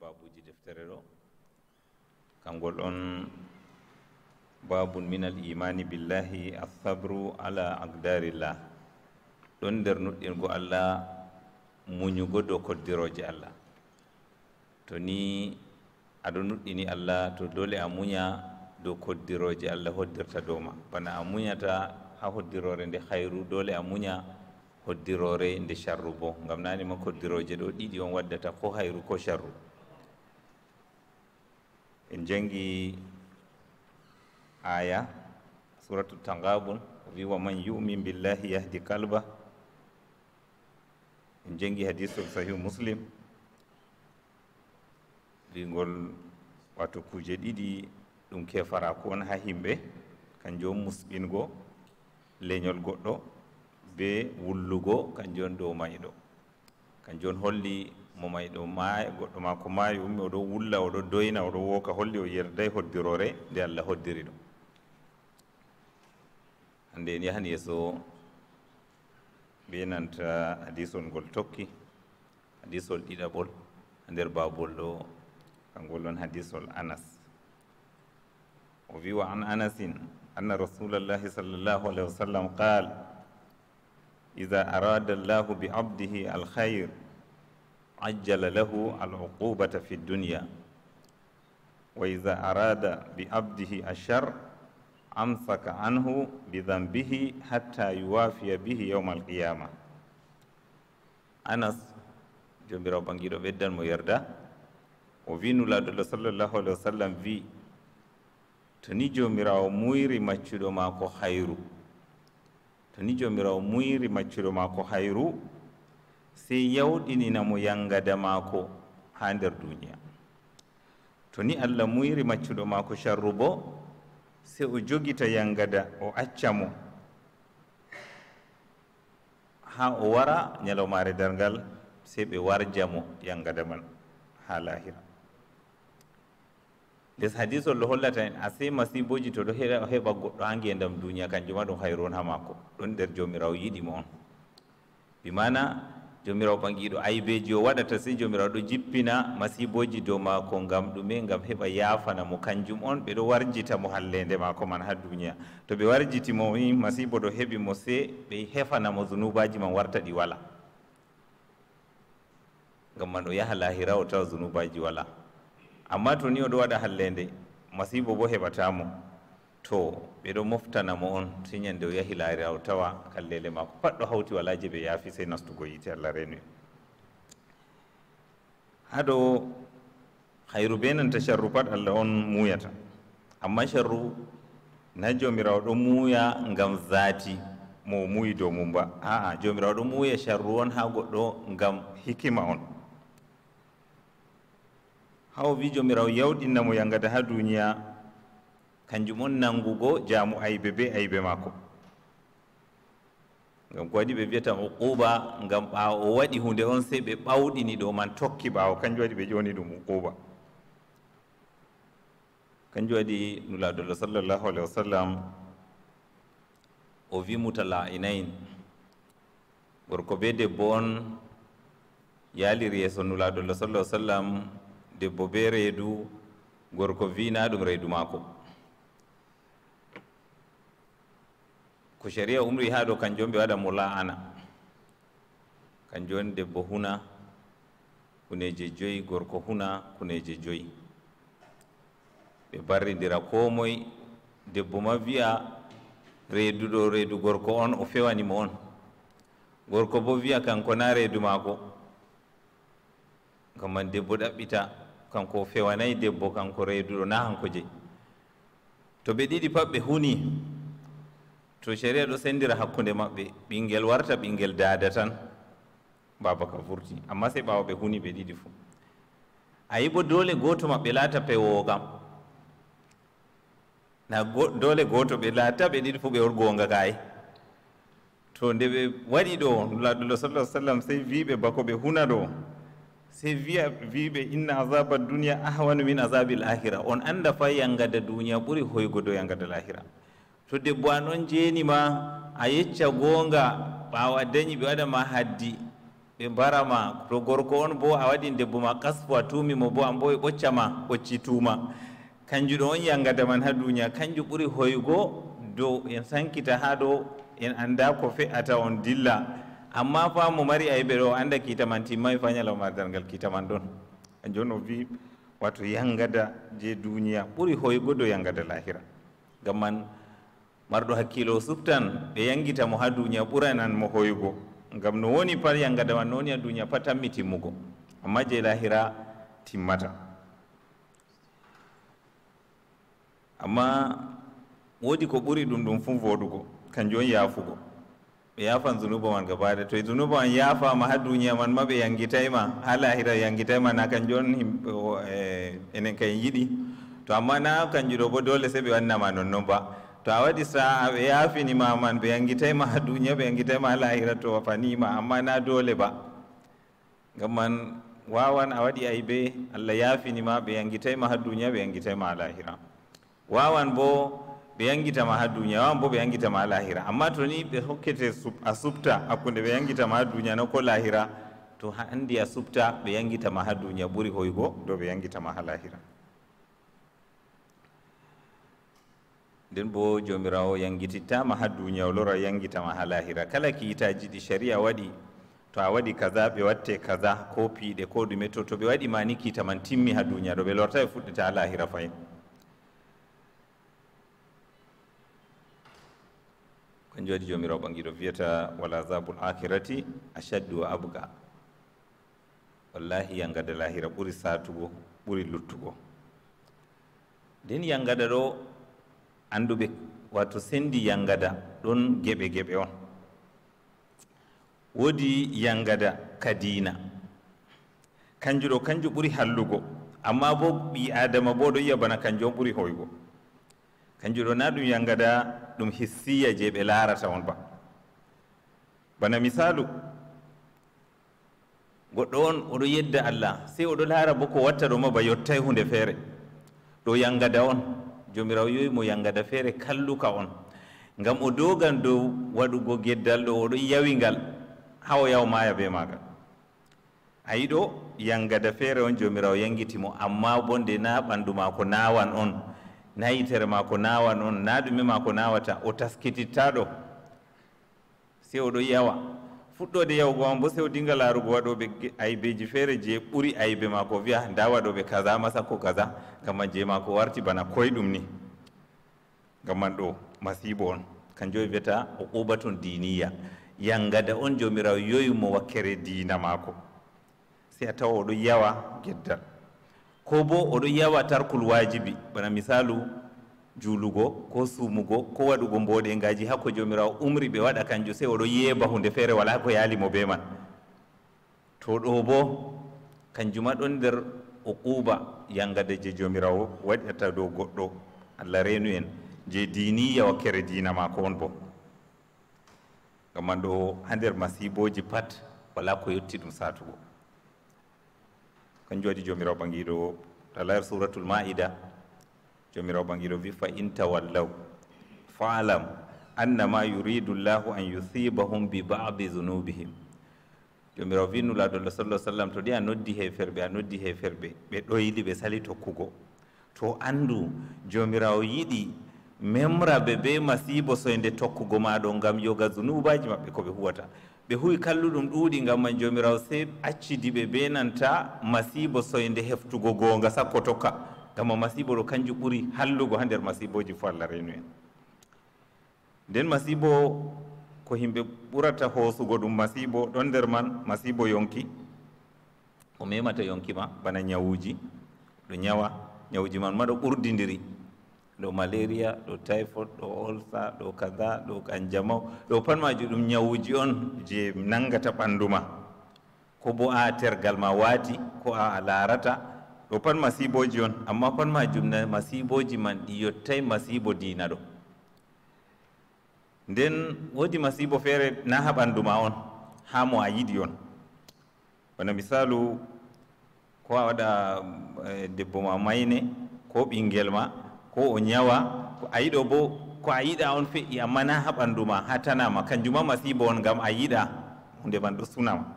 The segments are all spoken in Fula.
baabuji deftere ɗo kangol on baabun min al imani billahi alsabru ala agdarillah ɗon nder nuɗɗingo allah muñugo dow koddiroje allah to ni aɗo nuɗɗini allah to dole a muña dow koddiroje allah hoddirta dow ma bana a muñata ha hoddirore nde hayru dole a muña hoddirore nde charru bo gam nanima koddiroje ɗo ɗiɗi on waddata ko hayru ko charru en jangi aya suratu tangabun o wi wa man yumin billahi yahdi kalba en jangi hadise ol sahihu muslim wigol wato kuje ɗiɗi ɗum kefara ko on ha himɓe kanjo on musɓingo leñol goɗɗo be wullugo kanjo on dow mayɗo kanjo on holli mo may ɗo maay goɗɗo maa ko maayi ummi o ɗo wulla o ɗo doyna o ɗo wooka holli o yerday hoddirore nde allah hoddiri ɗum hannde en yahan yeeso be nanta hadisol ngol tokki hadisol ɗiɗaɓol ha nder baabol ɗo kangol on hadisol anas o wi wa an anasin anna rasulallahi sallallahu alayhi wa sallam qal ida arada allahu bi abdihi alkhayre ajjala lahu aluqubata fi dduniya wa ida arada bi abdihi ashar amsaka anhu bidambihi hatta yuwafiya bihi yauma alqiyama anas jomirawo ɓangiɗo ɓeddan mo yerda o wi nulaɗo lo sallllahu alih wa sallam wi to ni jomirawo muyri maccuɗo ma ko hayru to ni jomirawo muyri maccuɗo ma ko hayru sey yawɗinina mo yangada maako haa nder duuniya to ni allah muyri maccuɗo maako charru bo sey o jogita yangada o acca mo haa o wara ñalawmaare dargal sey ɓe warja mo yangada man haa laahira les hadis ol ɗo hollata en a sey masiboji to ɗo heɓa goɗɗo ha ngendam duuniya kanjuma ɗum hayron ha maako ɗon nder joomirawo yiɗi mo on bimana jomirawo ɓangiɗo aybeji o waɗata sey jomirawo ɗo jippina masiboji dow mako ngam ɗume gam heɓa yafana mo kanjum on ɓeɗo warjita mo hallende mako man ha duniya to ɓe warjiti mo masibo ɗo heɓi mo sey ɓe mo zunubaji man warta ɗi wala gam man o yaha lahira o tawa zunubaji wala amma to ni oɗo waɗa hallende masibo bo heɓatamo to ɓeɗo moftanamo on sai ñande o yahi aw tawa kallele mako pat ɗo hawti wala je ɓe yaafi sey nastugo yite allah renwi haɗo hayru be nanta sharru pat allah on muuyata amma sharru na jomirawo ɗo muuya ngam zaati mo muuyi dow mum ba aa jomirawo ɗo muuya sharru on ha goɗɗo ngam hikima on ha o wi jomirawo yawɗinnamo yangada ha duniya kanjum on nangugo jaamu aybe be aybe maako ngam ko waɗi ɓe mbiyata uquba ngam ɓaawo o waɗi hunde on sey ɓe ɓawɗini ɗo man tokki ɓaawo kanjum waɗi ɓe ƴooni ɗum uquba kanjum waɗi nulaaɗolo sallllahu alahi wa sallam o wii mutala inayn gorko be debbo on yaalir yeeso nulaaɗolo sallah sallam debbo be reedu gorko wiinaa ɗum reedu maako ko caria umri haa ɗo kanjo on ɓe waɗa mo laana kanjo on debbo huna huneje joyi gorko huna huneje joyi ɓe barridira ko moy debbo ma wiya reeduɗo reedu gorko on o fewanimo on gorko bo wiya kanko na reedu maako gam man debbo ɗaɓɓita kanko o fewanayi debbo kanko reeduɗo na hanko je to ɓe ɗiɗi pat ɓe huni to sharia ɗo sendira hakkunde maɓɓe bingel warta bingel dada tan baba ka furti amma sai bawo ɓe huni be didi fu a bo dole goto mabbe lata pe kam na dole gooto ɓe laata ɓe ɗiɗi fuu ɓe worgonga kai to nde ɓe waɗi sallallahu alaihi wasallam sallam vi wiɓe bako ɓe huna ɗo vi vi wiɓe inna azabad duniya ahwanu min azabil akhirah on anda fa yangada duniya ɓuri hoygo do da lahira to debbo a on jeenima a yecca goonga ɓaawo a dañi ɓe waɗama haddi ɓe mbarama to gorko on bo a waɗi debbo ma kasfo a tumimo bo an bo ɓe ɓoccama ɓocci tuuma kanju ɗo on yangada man ha duniya kanju ɓuri hoygo dow en sankita ha dow en annda ko fe'ata on dilla amma fa mo mari ayiɓe ɗo annda kiita man timmai e fa ñalawmardal ngal kiita man ɗon kanju on o wi wato yangada je duniya ɓuri hoygo dow yangada lahira ngam man mardo hakkilo suptan ɓe yangita mo ha duniya ɓuranan mo hoygo ngam no woni pat yangadama no woni ha duniya pat tanmi timmugo amma je lahira timmata amma wodi ko ɓuri ɗum ɗum fuu voɗugo kanjum on yafugo ɓe yafan zunuba man gabaɗe to zunuba man yafama ha duniya man ma ɓe yangitayma ha lahira yangitayma na kanjum on himɓe eh, enen kaen yiɗi to amma na kanjum ɗo bo dole sey ɓe wannama nonnoon ba to a waɗi sa'a ɓe yafinima man ɓe yangitayma ha duniya ɓe yangitayma lahira to wafanima amma na dole ba gaman wawan wawan aibe waɗi yafi ni yafinima ɓe yangitayma ha dunya be yangitayma ha lahira wawan bo ɓe yangitama ha dunya wawan bo be angita ha lahira amma to ni ɓe hokkete a subta be ɓe yangitama ha duniya ko lahira to handi a subta ɓe yangitama ha duniya ɓuri hoygo do be yangitama ha lahira nden bo jomirawo yangitittama ha duniya o lora yangitama ha lahira kala kiitaji ɗi sharia waɗi to a waɗi kaza ɓe watte kaza ko de ko ɗume to to ɓe waɗi mani kiita man timmi ha duniya be lorta e fudde ta lahira fayin kanjum waɗi jomirawo ɓangiɗo viyata wala zabul akhirati ashaddu wa abga wallahi yangada lahira ɓuri satugo ɓuri luttugo nden yangada ɗo annduɓe wato sendi yangada ɗon geɓe geɓe on woodi yangada ka diina kanju ɗo kanju ɓuri hallugo amma bo ɓi adama bo ɗo yiya bana kanju on ɓuri hoygo kanju ɗo na ɗum yangada ɗum hissiya je ɓe larata on ba bana misalu goɗɗo on oɗo yedda allah sey oɗo laara bo ko watta ɗo ma ba yottay hunde feere ɗo yangada on joomiraw yoyi mo yangada feere kalluka on ngam o dogan dow waɗugo geddal ɗo oɗon yawi ngal ha o yaw maya be maga ayi ɗo yangada feere on joomiraw yangitimo amma bonde na ɓandu ma ko nawan on na yitere ma ko nawan on na ɗumema ko nawata o taskititta ɗo se oɗon yawa fuɗɗode yahugo on bo sew dinga larugo waɗoɓe aybeji feere je ɓuri aybe ma ko wiya nda waɗoɓe kaza masa ko kaza gam man je ma ko warti bana koyeɗum ni gam man ɗo masibo on kanjum e wiyata o ton diniya yangada on jomirawo yoyumo wakkere diina maako si a tawa oɗo yawa geddal ko bo oɗo yawa tarkul wajibi bana misalu juulugo ko suumugo ko waɗugo mbooɗe ngaji hakko joomirawo umri ɓe waɗa kanjo sey oɗo yeeba hunde feere wala ko yaalimo be man to ɗo boo kanjuma ɗon nder o quuba yangade je joomirawo waɗata dow goɗɗo allah reenu en je diniya wakkere dina ma ko on bo ngam man ɗo ha nder masiboji pat wala ko yetti ɗum saatugo kanjum waɗi joomirawo ɓangiɗo talar suratul maida jomirawo ɓangiro wi fa in tawallaw falam annama yuridu llahu an yuthibahum bi badi zunubihim jomirawo wi nulaɗolo sallah sallam to ɗi a noddi heferɓe a noddi heferɓe ɓe ɗoyli ɓe sali tokkugo to andu jomirawo yiɗi memraɓe be masibo soyde tokkugo maɗo gam yoga zunubaji maɓɓe koɓe huwata ɓe huwi kalluɗum ɗuuɗi gam man jomirawo se accidiɓe be nanta masibo soyde heftugo gonga sakko tokka gammo masibo ɗo kanju ɓuri hallugo ha nder masiboji fo allah reynu en nden masibo ko himɓe ɓurata hoosugo ɗum masibo ɗon nder man masibo yonki o memata yonki ma bana ñawuji ɗo ñawa ñawuji man maɗo ɓurdidiri ɗo malaria ɗo typhod ɗo olsa ɗo kaza ɗo kanjamaw ɗo pat maji ɗum ñawuji on je nangata ɓanduma ko bo a tergal ma waati ko a larata ɗo pat masiboji on amma pat ma jumna masiboji man ɗi yottai masibo dina ɗo nden woodi masibo fere na ha ɓandu eh, ma on ha mo a yiɗi on bana misalu ko a waɗa debbo ma mayne ko ɓingel ma ko o nyawa a yiɗo bo ko a yiɗa on feƴƴi amma na ha ɓandu ma ha tanama kanjum ma masibo on ngam a yiɗa hunde man ɗo sunama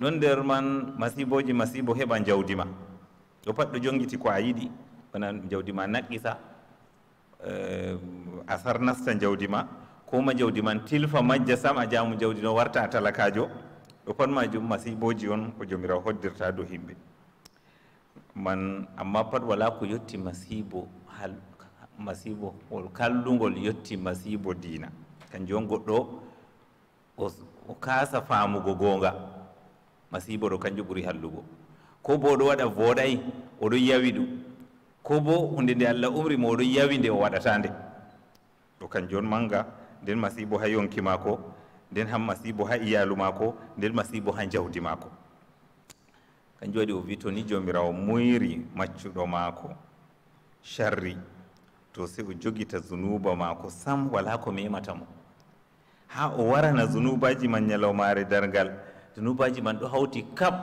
ɗon nder man masiboji masibo heɓa jawdi ma ɗo pat ɗo jongiti ko a yiɗi wona jawdi ma a eh, asar nasta jawdi ma koma jawdi man tilfa majja sam a jamu jawdi no warta talakajo ɗo pat majum masiboji on ko jomirawo hoddirta dow himɓe man amma pat wala ko yetti masibo hal masibo ol kallugol yetti masibo diina kanjum on goɗɗo o kasa famugo gonga masibo ɗo kanjum ɓuri hallugo ko bo oɗo waɗa voɗayi oɗon yawi ɗum ko bo hunde nde allah umri mo do yawi nde o waɗata nde ɗo kanjon manga nden masibo ha yonki mako nden han masibo ha iyalu mako nden masibo ha jawdi mako kanjum waɗi o wi to ni jomirawo muyri maccuɗo mako sharri to se o jogita zunuba mako sam wala ko memata mo ha o warana zunubaji man mare dargal tunubaji man ɗo hauti kap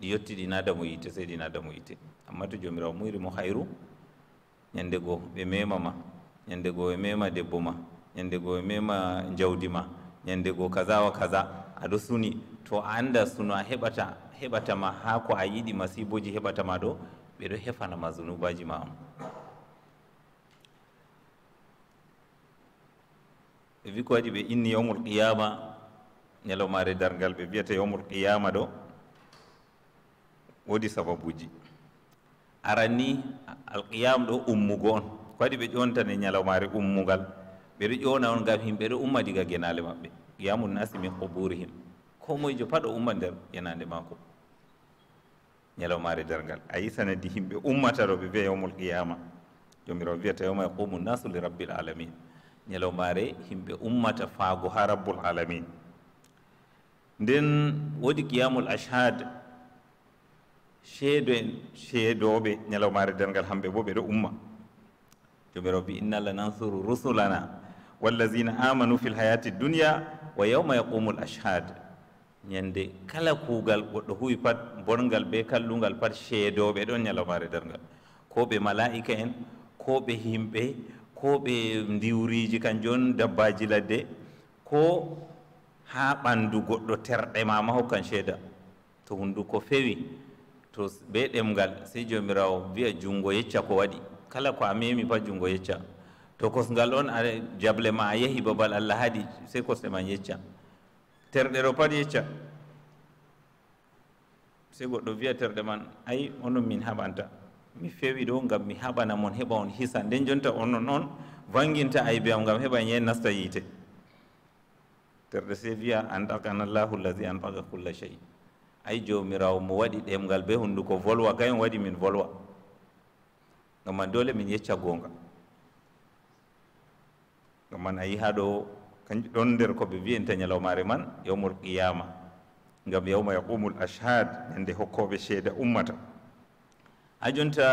ɗi yetti ɗi naadamo yite sey ɗi naadamo yite amma to jomirawo muiri mo hayru nyande go ɓe mema ma go be ɓe mema debbo ma ñande goo ɓe mema jawdi ma ñande goo kaza wa kaza aɗo suni to a suno a heɓata heɓatama ha ko a yiɗi masiboji heɓatama ɗo ɓeɗo hefanama zunubaji ma on ɓe wi ko ɓe inni yaumul qiyama ñalawmaare dargal ɓe mbiyata yomul qiyama ɗo woodi sababuji aran ni alqiyam ɗo ummugo on ko waɗi ɓe ƴontane ñalawmaare ummugal ɓeɗo ƴona on ngam himɓe ɗo umma diga genale maɓɓe qiyamu nasi min quburihim ko moyejo pat o umma nder yenande maako ñalawmaare dargal a yisanadi himɓe ummata ɗo ɓe mbiya yomul qiyama jomirao mbiyata yoma yaqumu nasu li rabbil alamin ñalawmaare himɓe ummata faago ha rabbul alamin nden woodi qiyamul ashhad seedo en seedooɓe ñalawmaare dengal hamɓe bo ɓeɗo umma joɓe rabbi inna allah nansuru rusulana wallasina amanu fi l hayati dunia wa yawma yaqumu l ashhad ñande kala kuugal goɗɗo huwi pat bonngal ɓe kallungal pat seedooɓe ɗon ñalawmaare dengal ko ɓe malaika en ko ɓe himɓe ko ɓe ndiwriiji kan jooni dabbaji ladde ko haa ɓanndu goɗɗo terɗe ma ma hokkan ceeda to hunnduko fewi to be ɗemngal sey joomiraawo wiya junngo yecca ko waɗi kala ko a memi pa junngo yecca to kosngal on a jable ma a yahi babal allah haɗi sey kosɗe man yecca terɗe ro pat yecca sey goɗɗo wiya terɗe man ayi onon min haɓanta mi fewi ɗo ngam mi haɓana mon heɓa on hisa nden jonta onon on vanginta aybe am ngam heɓa yen nasta yiite terɗe se wiya antakana llahu llahi antaka culla chey ay jomirawo mo waɗi ɗemgal be hunnduko volwa kayon waɗi min volwa gam man dole min yecca gonga gam man a yiha ɗo kanju ɗon nder koɓe wiyenta ñalawmare man yawmul qiyama gam yawma yaqumul ashhad ñande hokkoɓe seeda ummata ha jonta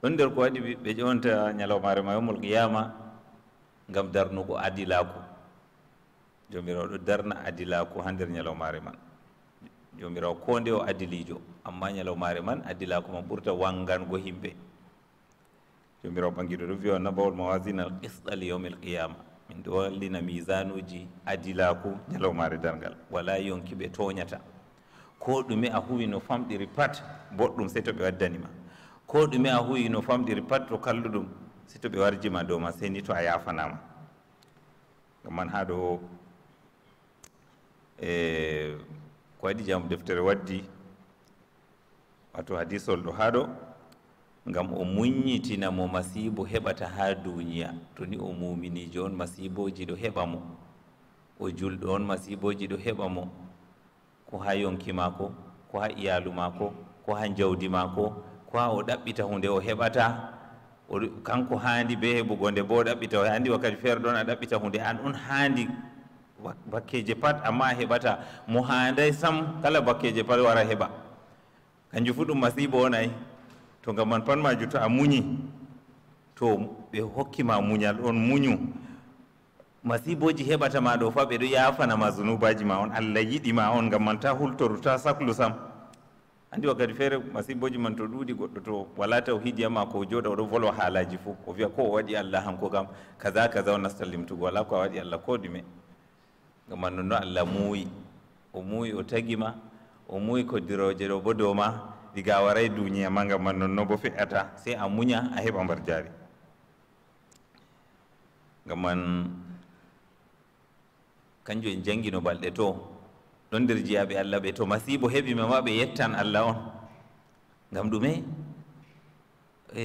ɗon nder ko waɗi ɓe ƴonta ñalawmare ma yawmul qiyama gam darnugo adilaku jomirawo ɗo darna adilaku ha nder ñalawmare man jomirawo ko nde o adilijo amma ñalawmare man adilaku man ɓurta wangango himɓe jomirawo ɓangiɗo ɗo wiya nabawol mawasin al qisɗa li yawmi l qiyama min ɗo wallina misanuji adilaku ñalawmare dargal wala yonki ɓe toñata ko ɗume a huwi no famɗiri pat boɗɗum sey to ɓe waddanima ko ɗume a huwi no famɗiri pat to kalluɗum sey to ɓe warjima dow ma sey ni to a yafanama gam man ha ɗo e ko waɗi jam deftere waddi wato hadisol ɗo haa ɗo ngam o muññitina mo masibo heɓata ha duniya to ni o muminijo on masiboji ɗo heɓa mo o julɗo on masiboji ɗo heɓa mo ko ha yonki maako ko ha iyalu maako ko ha jawdi maako ko ha o ɗaɓɓita hunde o heɓata kanko haandi be heɓugo nde bo o ɗaɓɓita o haandi wakkati feere ɗon a ɗaɓɓita hunde an on haandi bakkeje pat amma a heɓata mo handay sam kala bakkeje pat wara heɓa kanjum fu ɗum masibo wonayi to gam man pat maju to a muñi to ɓe hokkima muñal on muñu masiboji heɓata ma ɗo fa ɓeɗo yafanama zunubaji ma on allah yiɗima on gam man ta hultoru ta saklu sam andi wakkati feere masiboji man to ɗuuɗi goɗɗo to wala tawhidi ma ko jooɗa oɗo volwa haalaji fu o wiya ko o waɗi allah hanko gam kaza kaza o nasta limtugo wala ko a waɗi allah ko ɗume gam annono allah muuyi o muuyi o tagima o muuyi koddirooje ɗo bo dow ma diga waray duñiya ma gam annonno bo feƴata sey a muña a heɓa mbar jaari gam man kanjum en jangino balɗe to ɗon nder jeyaɓe allah ɓe to masibo heɓi ma ma ɓe yettan allah on gam ɗume e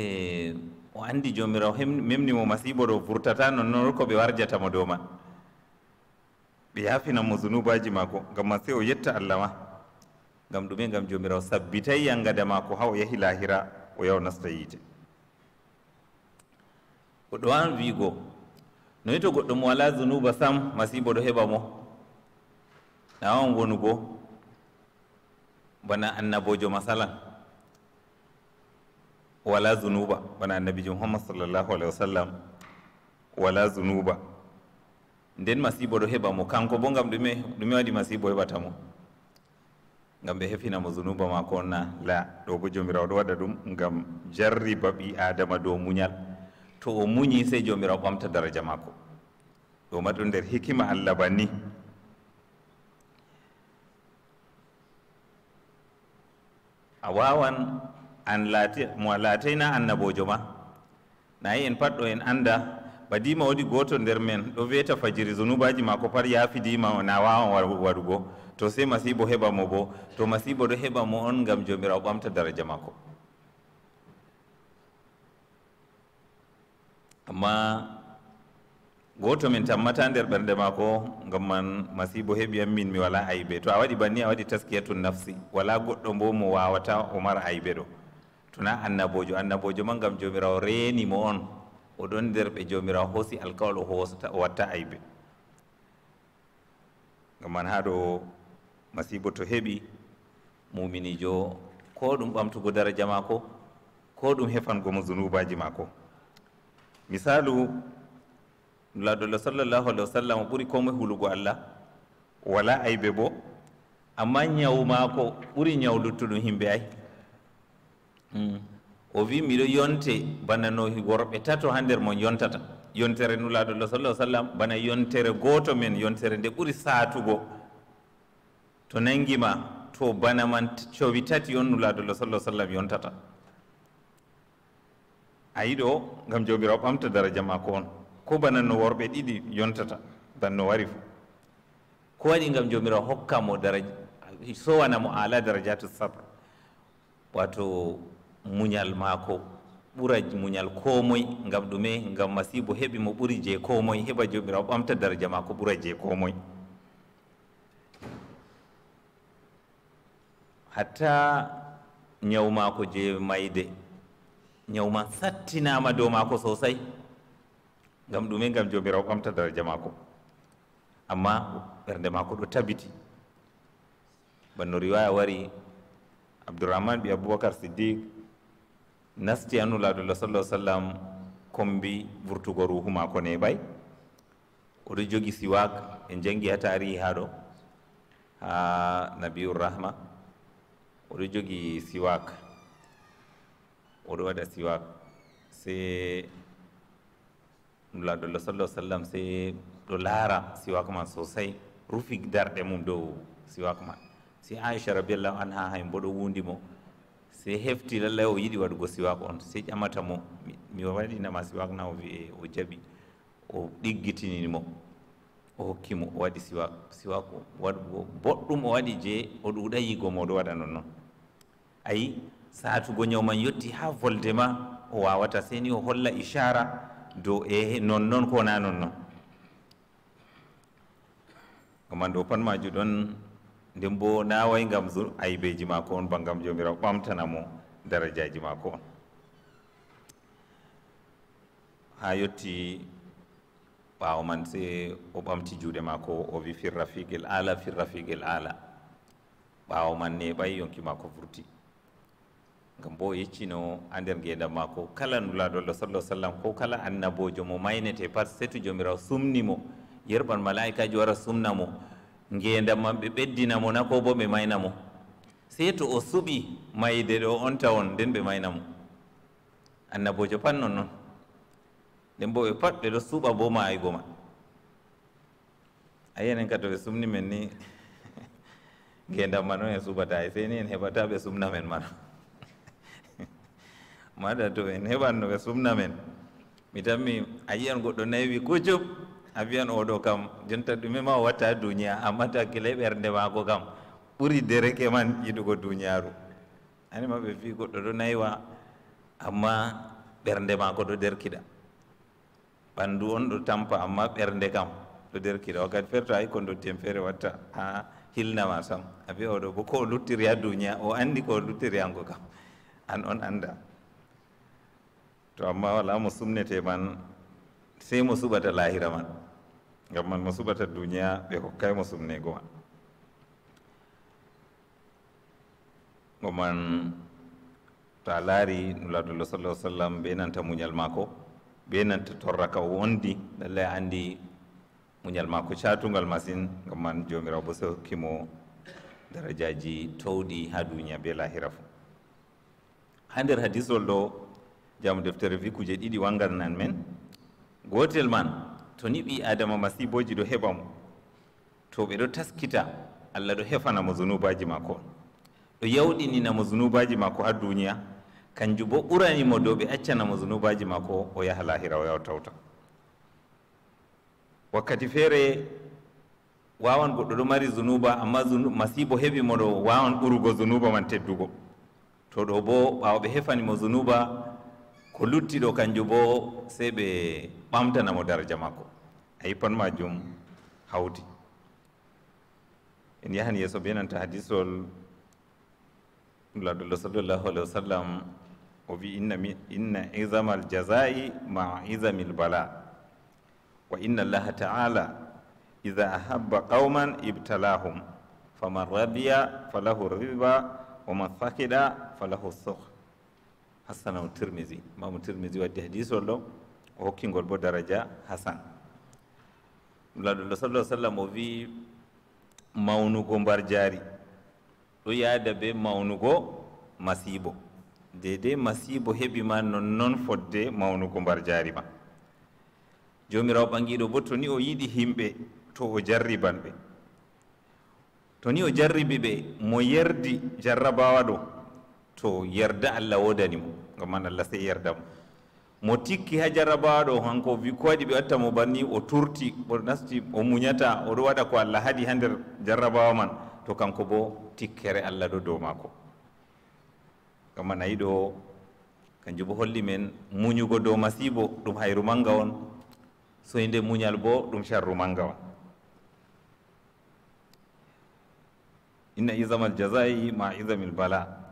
o anndi joomirawo memni mo masibo ɗo vurtata nonnoon ko ɓe warjata mo dow ma ɓe yafinamo zunubaji maako ngam ma sey o yetta allah ma ngam ɗume ngam sabbitai yangada mako ha o yahi lahira o yaw nasta yiite goɗɗo wawan wiigo noyi to wala zunuba sam masibo ɗo heɓa mo nawan wonugo bana annabojo masalan wala zunuba bana annabijo muhammad sallllahu alayhi wa sallam wala zunuba nden masibo ɗo heɓa mo kanko bo ngam ɗume ɗume waɗi masibo heɓata mo ngam ɓe mo zunuba mako onna na la ɗo bo jomirawo ɗo waɗa ɗum ngam jarriba ɓi adama dow muñal to o muñi sey jomirawo ɓamta daraja mako ɗo ma nder hikima allah banni a wawan an mo a latayna annabojo ma nayi en patɗo en anda fadima wodi goto nder men ɗo weta fajiri zunubaji mako pat yafidima na wawan warugo to sei masibo heɓa mo bo to masibo ɗo heɓa mo on gam jomirawo ɓamta daraja makko amma goto min tammata nder ɓerde mako gam man masibo heɓiyam min mi wala aybe to a waɗi banni a waɗi taskiyatu nafsi wala goɗɗo mbo mo wawata o mara aybe ɗo tona annabojo annabojo ma gam jomirawo renimo on o ɗon nder ɓe joomirawo hoosi alkawal o hoosata o watta aybe ngam man haa ɗo masibo to heɓi muminijo ko ɗum ɓamtugo daraja maako ko ɗum hefango mo zunubaji maako misalu laɗolo sallllahu alah wa sallam o ɓuri komoe hulugo allah wala aybe bo amma ñaw maako ɓuri ñaw luttuɗum yimɓe ay hmm. o wi miɗo yonte bana no worɓe tato ha nder mon yontata yontere lo sallah sallam bana yontere goto men yontere nde ɓuri satugo to nangima to bana man cowi tati on lo sallah sallam yontata a gam jomirawo ɓamta daraja ko on ko bana no worɓe ɗiɗi yontata dan no wari fo ko waɗi gam jomirawo hokkamo daraja sowanamo ala darajatu sabre wato muñal maako ɓura muñal komoye ngam ɗume ngam masibo heɓi mo ɓuri je komoye heɓa joomirawo ɓamta daraja ma ko ɓura je komoye hatta ñaw maako je mayde ñaw ma sattinama dow maako sosay ngam ɗume ngam joomirawo ɓamta daraja maako amma ɓernde maako ɗo tabiti banno riwaya wari abdourahmane ɓi aboubacar siddique nasti anulaadulla sall sallam kombi wurtugo ruhuma ko neɓay oɗo jogi siwak en jangi ha tariha ɗo ha nabiurrahma oɗo jogi siwak oɗo waɗa siwak se nulaadulla sallah sallam se ɗo laara siwak man sosai rufi darɗe mum dow siwak man si aicha rabiallahu anha hay mboɗo wundimo si hefti lalle o yidi wadugo siwaako on si ƴamata mo mi waɗinama siwaako na o wi o jaɓi o ɗiggitinini mo o hokkimo o waɗi siwaako siwaako waɗugo boɗɗum o waɗi je o ɗuuɗa yigo mo ɗo waɗa non noon ayi saatugo ñawman yetti ha volde ma o wawata seni o holla ichara dow e eh, non noon ko wona non noon commande o panmaji ɗon nden bo naway ngam aybeji mako on bangam jomirawo ɓamtanamo darajaji mako on ha yetti ɓawo man se o ɓamti juuɗe mako o wi firrafiguel ala firrafiguel ala ɓawo man neɓay yonki mako vurti ngam bo o yeccino a nder ngendam mako kala nulaɗolo sall sallam ko kala annabojo mo maynete pat setu jomirawo sumnimo yerɓan malaikaji wara sumnamo ngenda man ɓe ɓeddina mo na ko bo ɓe mayna mo sey to o suɓi mayde ɗo on ta on nden ɓe mayna mo annabojo pat non noon nden bo ɓe pat ɓe ɗo suɓa bo maayugo ma ayiyanen ka to ɓe sumni men ni ngendamma noon en suɓata e sey ni en heɓata ɓe sumna men mana maɗa to en heɓanno ɓe sumna men mi tanmi a yiyan goɗɗo nayi wi ko jom a wiyan oɗo kam jonta ɗumema watta duniya amma ta kile ɓerde mako kam ɓuuri dereke man yiɗugo duniyaru anima ɓe fi goɗɗo ɗo naywa amma ɓerde mako ɗo derkiɗa ɓandu on ɗo tampa amma ɓerde kam ɗo derkiɗa wakkati feere to ayi kondottien feere watta ha hilnama sam a wiya oɗo bo ko luttiri ha duniya o andi ko luttiri hanko kam an on anda to amma wala mo sumnete man sey mo suɓata lahira man gam man mo suɓata duniya ɓe hokkaymo sumnego ma mo man to a laari nulardullah sallah sallam ɓe nanta muñal maako ɓe nanta torraka o wondi lallay anndi muñal maako catungal masine gam man jomirawo bo so hokkimo darajaji towɗi ha duniya be lahira fo ha nder hadisol ɗo jamu deftere fi kuuje ɗiɗi wangal nan men gotel man to ni ɓi adama masiboji ɗo heɓa mo to ɓe ɗo taskita allah ɗo hefana mo zunubaji maako on ɗo yawɗinina mo zunubaji maako ha duniya kanju bo ɓuranimo dow ɓe accana mo zunubaji maako o yaha lahira o yaw tawta wakkati feere wawan goɗɗo ɗo mari zunuba amma masibo heɓi mo ɗo wawan ɓurugo zunuba man teddugo to ɗo bo ɓawo ɓe hefanimo zunuba ko luttiɗo ɗo kanjum bo sey ɓe ɓamtanamo daraja makko a yippan majum hawdi en yahan yeeso be hadisol laɗullo sallllahu alih wa sallam o wi inna inna aljazai jazai maa isami bala wa inna allaha taala ida ahabba qauman ibtalahum faman radiya falahu riba waman sakida falahu sukh hasanahu tirmisi mamu tirmisi waddi hadis ol ɗo o hokkingol bo daraja hasan laɗullah sal lah sallam o wi mawnugo mbar jaari ɗo yaada be mawnugo masibo deidei masibo heɓi ma non noon fodde mawnugo mbar jaari ma jomirawo ɓangiɗo bo to ni o yiɗi himɓe to o jarriban ɓe to ni o jarribi ɓe mo yerdi jarrabawa ɗo to yerda allah wodani mo ngam allah sai yardam mo tikki ha hanko bi ko waɗi ɓe watta mo banni o turti o nasti o muñata oɗo waɗa ko allah hadi ha nder jarrabawa man to kanko bo tikkere allah ɗo dow mako kamma ido ɗo kanjum bo holli men muñugo do masibo ɗum hayru manga on inde muñal bo ɗum sharru manga on inna izamal aljazai ma izamil bala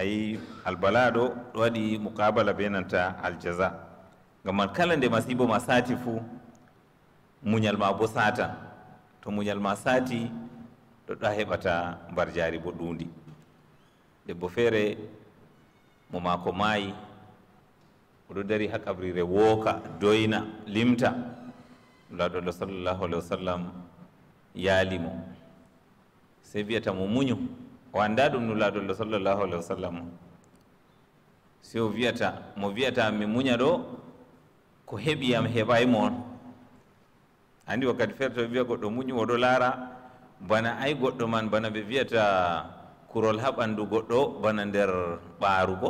ayi albalaɗo ɗo waɗi mukabala be nanta aljaza ngam man kala nde masibo ma sati fuu muñal ma bo satan to muñal ma sati ɗoɗa heɓata mbar jari bo ɗundi debbo feere mo maako maayi oɗo dari ha kabrire wooka doyna limta laɗoɗo sallllahu alih wa sallam yaalimo sey wiyata mo muñu wandadu nulaɗo ɗo sallallahu alih wa sallam si o wiyata mo wiyata muña ko hebi am heba mo on andi wakati ferto to goddo wiya wodo lara laara bana ay goddo man bana ɓe wiyata kurol ha ɓanndu goɗɗo bana nder ɓaarugo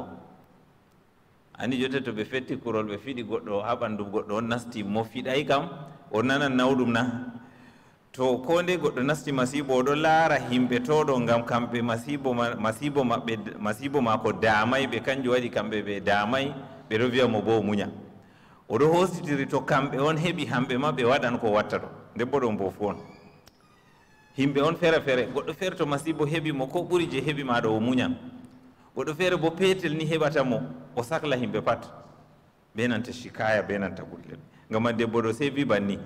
andi jote to ɓe fetti kurol ɓe fiɗi goddo ha ɓanndu goɗɗo on nasti mo fiɗay kam o nanan nawɗum na to ko nde goɗɗo nasti masibo oɗon laara himɓe toɗo ngam kamɓe masibo masibo maɓɓe masibo maako daamay ɓe kanjum waɗi kamɓe ɓe daamay ɓeɗo wiya mo bo muña oɗo hositiri to kamɓe on heɓi hamɓe ma ɓe waɗan ko watta ɗo nde bo ɗon bofu on himɓe on feere feere goɗɗo feere to masibo heɓi mo ko ɓuri je heɓi maɗo o muñan goɗɗo feere bo petel ni heɓata mo o sahla himɓe pat be nanta shikaya be nanta gullel ngam a debbo ɗo sey wi banni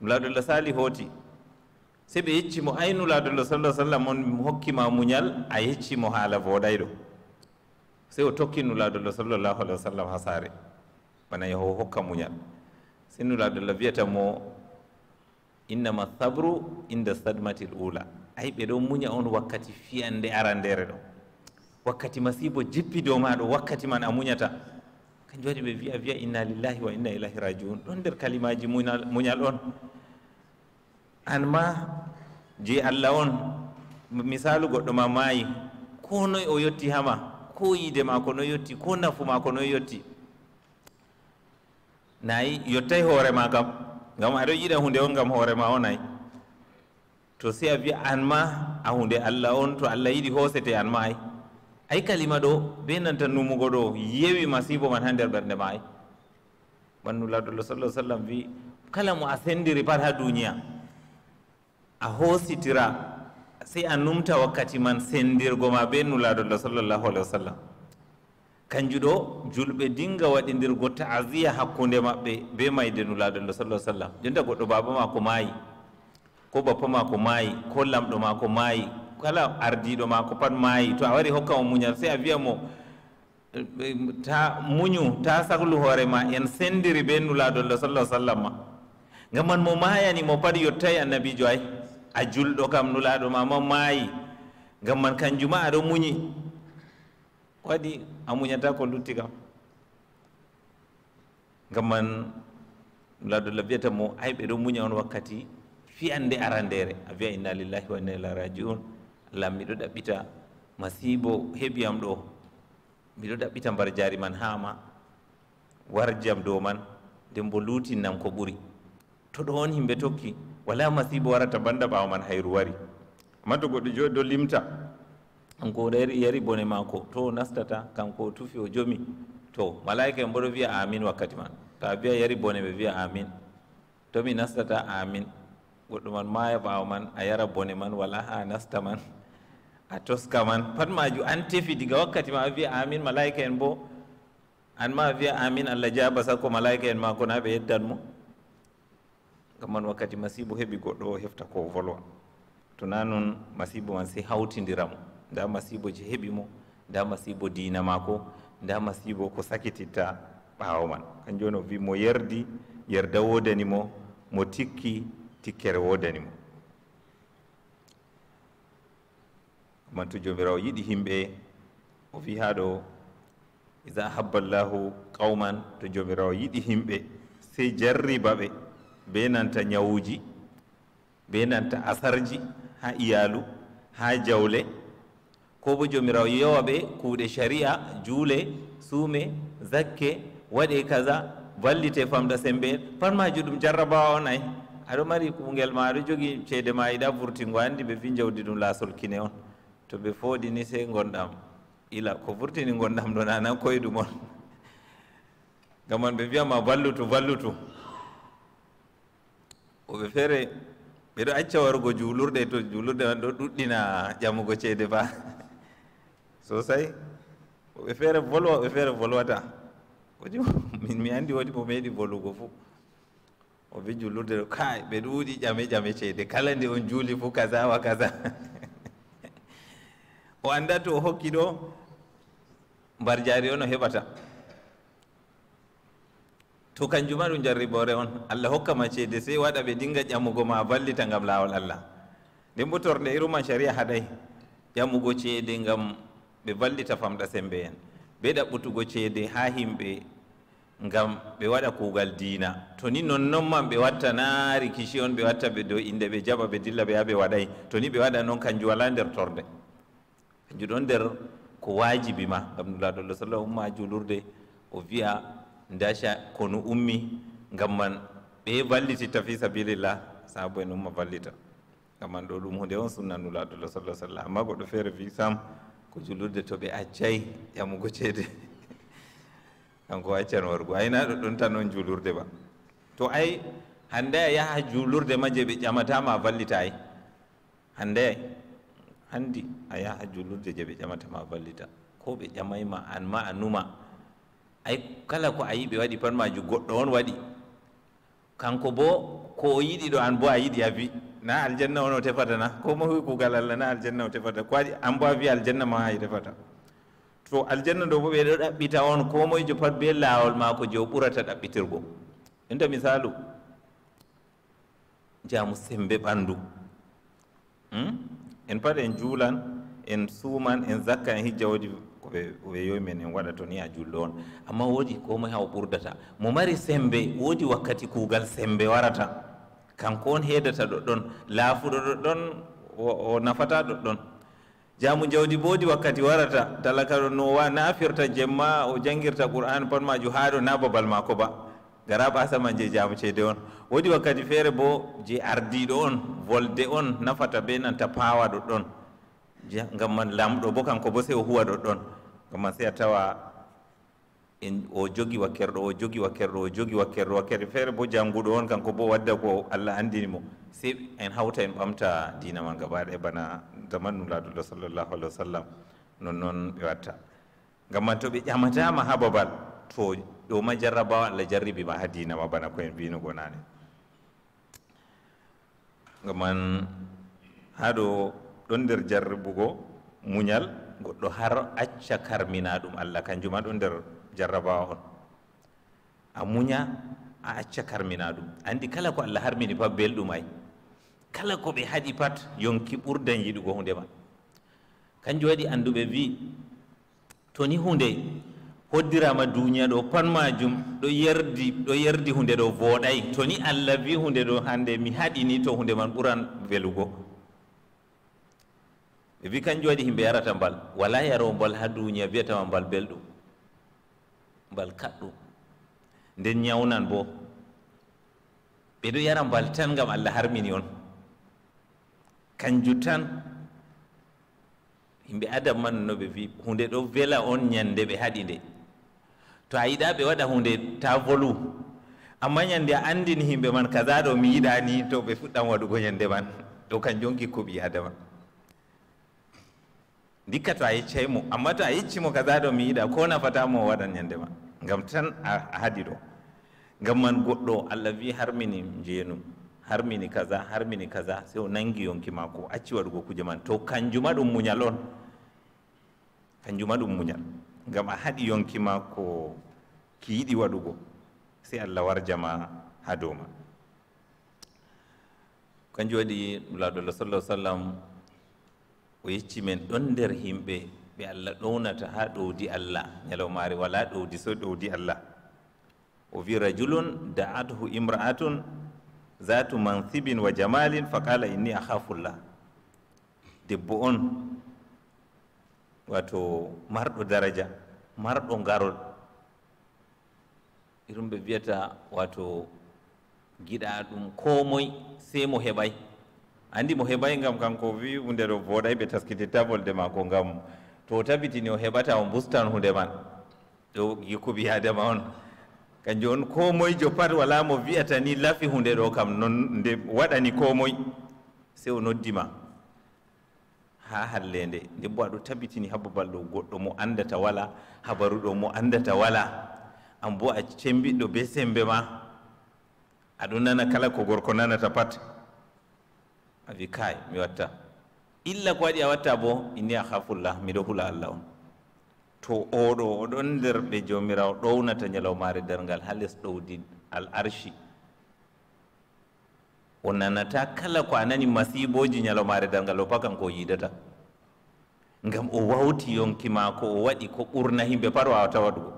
laɗolla sali hooti si ɓe yecci mo aynulaaɗo lo sala sallam on hokkima muñal a yeccimo haala vooɗay ɗo si o tokki nulaaɗo lo sallllahu alih wa sallam ha saare bana yaho hokka muñal si nulaaɗo lo wiyata mo innama sabru inde sadmati l ula ay ɓe ɗo muña on wakkati fiyande arandere ɗo wakkati masibo jippi dow maɗo wakkati man a muñata kanjum waɗi ɓe wiya wiya inna lillahi wa inna ilahi rajiun ɗon nder kalimaji muñal on an ma je allah on misalu goɗɗo ma maayi ko noy o yetti hama ko yiide ma ko noy yetti ko nafu ma ko noy yetti nayi yottay hoore ma kam ngam aɗa yiɗa hunde on ngam hoore ma onayi to si a wiya an ma a hunde allah on to allah yiɗi hoosete an ma ay ay kalima ɗo be nanta numugo ɗo yewi masibo man ha nder ɓernde ma ay mannu ladullah sallah sallam wi kala mo a sendiri pat ha duniat a hositira sey a numta wakkati man sendirgo ma be nulaadolla sallllahu alih wa sallam kanju ɗo julɓe dinga waɗidirgo taasiya hakkunde maɓɓe be mayde nulaadolla sallah sallam jonta goɗɗo baba ma ko maayi ko bappa ma ko maayi ko lamɗo ma ko maayi kala ardiɗo ma ko pat maayi to a wari hokka mo muñal sey a wiya mo ta muñu ta sahlu hoore ma en sendiri be nulaadolla sallah sallam ma ngam man mo maayani mo pat yottayi annabijo ay a julɗo kam nulaɗo ma ma maayi ngam man kanjuma aɗo muñi ko waɗi a muñata ko lutti kam ngam man nulaɗo llah biyata mo ay ɓeɗo muña on wakkati fiyande ara ndere a wiya inna lillahi wa inna ila radiun allah miɗo ɗaɓɓita masibo heeɓiyam ɗo miɗo ɗaɓɓita mbar jaari man haama warjam dow man nden bo luutinnam ko ɓuri to ɗoon yimɓe tokki wala masiba warata banda ɓawa man hayru wari amma to goɗɗo joɗi do limta kanko yari bone mako to nastata kanko tufi o joomi to malaika en mboɗo wiya amin wakkati man to a biya yari bone ɓe wiya amin tomi nastata amin goɗɗo man maya ɓawa man a yara bone man wala ha nasta man a toska man pat maju an tefi diga wakkati ma a wiya amin malaika en bo an ma wiya amin allah jaba sakko malaika en ma ko na ɓe yeddanmo kamman wakkati masibo hebi goɗɗo o hefta ko volwa to na noon masibo man sey hawtidira mo nda masibo je heɓi mo nda masibo dina maako nda masibo ko sakititta ɓaawo man kan on o wi mo yerdi yerda wodani mo mo tikki tikkere wodani mo man to jomirawo yiɗi himɓe o wi haa ɗo isa habba llahu qawman to jomirawo yiɗi himɓe sey jarriba ɓe be nanta ñawuji be nanta asarji ha iyalu ha jawle ko bo jomirawo yowa kuuɗe shari'a juule suume zakke waɗe kaza vallite famɗa sembe pat maju ɗum jarrabawa on ay aɗa mari kugel ma aɗa jogi ceede ma yiɗa vurtingo andi ɓe fi jawdi ɗum lasol kine on to ɓe ni se gonɗam ila ko vurtini gonɗam ɗo nanan koye ɗum on on ɓe mbiyama vallutu vallutu woɓe feere ɓeɗo acca wargo juulurde to juulurde man ɗo ɗuɗɗina ƴamugo ceede fa sosai woɓe feere volwa woɓe feere volwata woji min mi anndi woodi mo meeɗi volugo fuu o bi juulurde ɗo kai ɓe ɗuuɗi ƴame ƴame ceede kala nde on juuli fuu kaza wa kaza o annda to o hokki ɗo mbar jaari on heɓata to kanjuma ɗum jarriɓore on allah hokkama ceede sey waɗa ɓe ndinga ƴamugo ma ballita ngam laawol allah nden bo torde iruma caria haɗay ƴamugo ceede ngam ɓe ballita famɗa sembe en ɓe ɗaɓɓutugo ceede ha himɓe ngam ɓe waɗa kuugal diina to ni nonnon man ɓe watta naari kici on ɓe watta ɓe dow inde ɓe jaɓa ɓe dilla ɓe ha ɓe waɗay to ni ɓe waɗa noon kanju wala nder torde kanju ɗon nder ko wajibi ma ngam nulaɗollo sallah umma julurde o wiya dasha kono ummi gam man ɓe vallitita fi sabilillah saabu en umma vallita gam man ɗo ɗum hunde on sunnanulaɗo la sallah sallam amma goɗɗo feere fi sam ko julurde to ɓe accayi yamugo ceede kanko accan wargo aynaɗo ɗon tan on julurde ba to ay handeya yaha julurde ma je ɓe ƴamatama a vallita ay handeya handi a yaha julurde je ɓe ƴamatama a vallita ko ɓe ƴamayma an ma a numa ay kala ko a yi ɓe waɗi pat maju goɗɗo on waɗi kanko bo ko o yiɗi ɗo an bo a yiɗi a bi na aljanna on o tefata na ko mahoy kugal allah na aljanna o tefata ko waɗi an bo a wi aljanna ma hay tefata to aljanna ɗo bo ɓe ɗo ɗaɓɓita on ko moyjo pat be laawol maako jo ɓurata ɗaɓɓitirgo inta misalu jaamu sembe ɓanndu hmm? en pat en juulan en suuman en zakka en hijja wodi ɓe weyoy men en waɗa to ni a julɗo on amma woodi komoye haw ɓurdata mo mari sembe woodi wakkati kuugal sembe warata kanko on heedata ɗoɗɗon laafuɗo ɗoɗɗon o nafata ɗoɗɗon jaamu jawdi boodi wakkati warata talaka ɗo no nafirta jemma o jangirta qur'an pat maju haa ɗo na babal maako ba gara ɓasama je jaamu ceede on woodi wakkati feere bo je ardiɗo on volde on nafata be nanta paawa ɗoɗɗon ngam man lamɗo bo kanko bo se o huwa ɗoɗɗon kama sey a tawa en o jogi wakkerɗo o jogi wakkerɗo o jogi wakkerɗo wakkere feere bo jangudo on kanko bo wadda ko allah andini mo sey en hawta en ɓamta dina man gaba da bana zaman nulaɗuɗo sallllahu alih wa sallam nonnoon ɓe watta gamma man to ɓe ƴamatama ha babal to do ma allah jarribi ma ha ma bana koyen en nane ngam man ha ɗo ɗon nder jarribugo muñal goɗɗo har acca karmina ɗum allah kanjuma ɗo nder jarrabawa on a muña a acca karmina ɗum andi kala ko allah harmini pat belɗum ay kala ko ɓe haɗi pat yonki ɓurdan yiɗugo hundema kanjum waɗi anduɓe wi toni hunde hoddirama duniya ɗo pat majum ɗo yerdi ɗo yerdi hunde ɗo voɗay toni allah wi hunde ɗo hande mi haɗini to hunde man ɓuran welugo e wi kanjum waɗi himɓe yarata mbal wala yaro mbal ha duuña wiyatama mbal belɗum mbal kaɗɗum nden ñawnan bo ɓeɗo yara mbal tan gam allah harmini on kanjum tan yimɓe adam man no ɓe wi hunde ɗo vela on ñande ɓe haɗi nde to a yiɗa ɓe waɗa hunde ta volu amma ñande a andini himɓe man kasa ɗo mi yiɗa ni to ɓe fuɗɗan waɗugo ñande man ɗo kanjum gikkuɓi adama dika to a yeccay mo amma to a kaza ɗo mi yiɗa ko nafata mo o waɗan ñandema ngam tan a haadi ɗo ngam man goɗɗo allah harmini jenu harmini kaza harmini kaza se o nangi yonki maako acci waɗugo kuje man to kanjuma ɗum muñal on kanjuma ɗum muñal ngam a haɗi yonki ma ko ki yiɗi waɗugo allah warjama ha kanjodi ma sallallahu alaihi wasallam sallam o yecci men ɗon nder himɓe ɓe allah ɗownata ha ɗowdi allah ñalawmaari wala ɗowdi so ɗowdi allah o wi rajulun da'athu imra'atun zatu mansibin wa jamalin fa qala inni akhafullah debbo on wato marɗo daraja marɗo ngarol irum ɓe wiyata wato giɗa ɗum ko moy sey mo heɓay andi mo heɓay gam kanko wi hunde ɗo voɗay ɓe taskititta volde ma ko gam to tabitini o heɓata o bustan hunde man ɗo yikkuɓi adama on kanjum on ko moye jo pat wala mo wiyata ni laafi hunde ɗo kam non nde waɗani ko moye se o noddima ha hallende nde bo aɗo tabitini hababal ɗo goɗɗo mo andata wala habaru ɗo mo andata wala an bo a cembiɗɗo be sembe ma aɗo nana kala ko gorko nanata pat a wi kay mi watta illa ko waɗi a watta bo inni a hafullah mbiɗo hula allah on to oɗo oɗon nder ɓe jomirawo ɗownata ñalawmare dergal ha les ɗowdi al arshi o nanata kala ko a nani masiboji ñalawmare dergal o pa kanko o yidata ngam o wawti yonki mako o waɗi ko ɓurna himɓe pat wawata waɗugo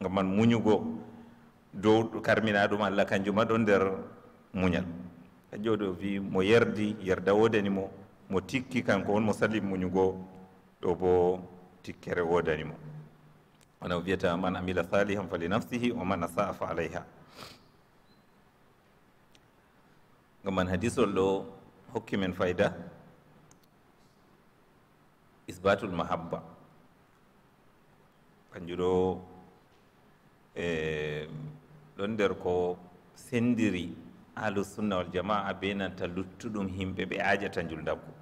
ngam man muñugo dow karmina ɗum allah kanjuma ɗo nder muñal ka jooɗo wi mo yerdi yerda wodanimo mo tikki kanko wonmo salib muñugo ɗo bo tikkere wodanimo wona o wiyata man amila salihan fa li nafsihi o man asaa fa alayha gam man hadisol ɗo hokki men fayda isbatul mahabba kanju ɗo e eh, ɗon nder ko sendiri ahlusunna wal jamaa benanta luttuɗum yimɓe ɓe ajata juldaggu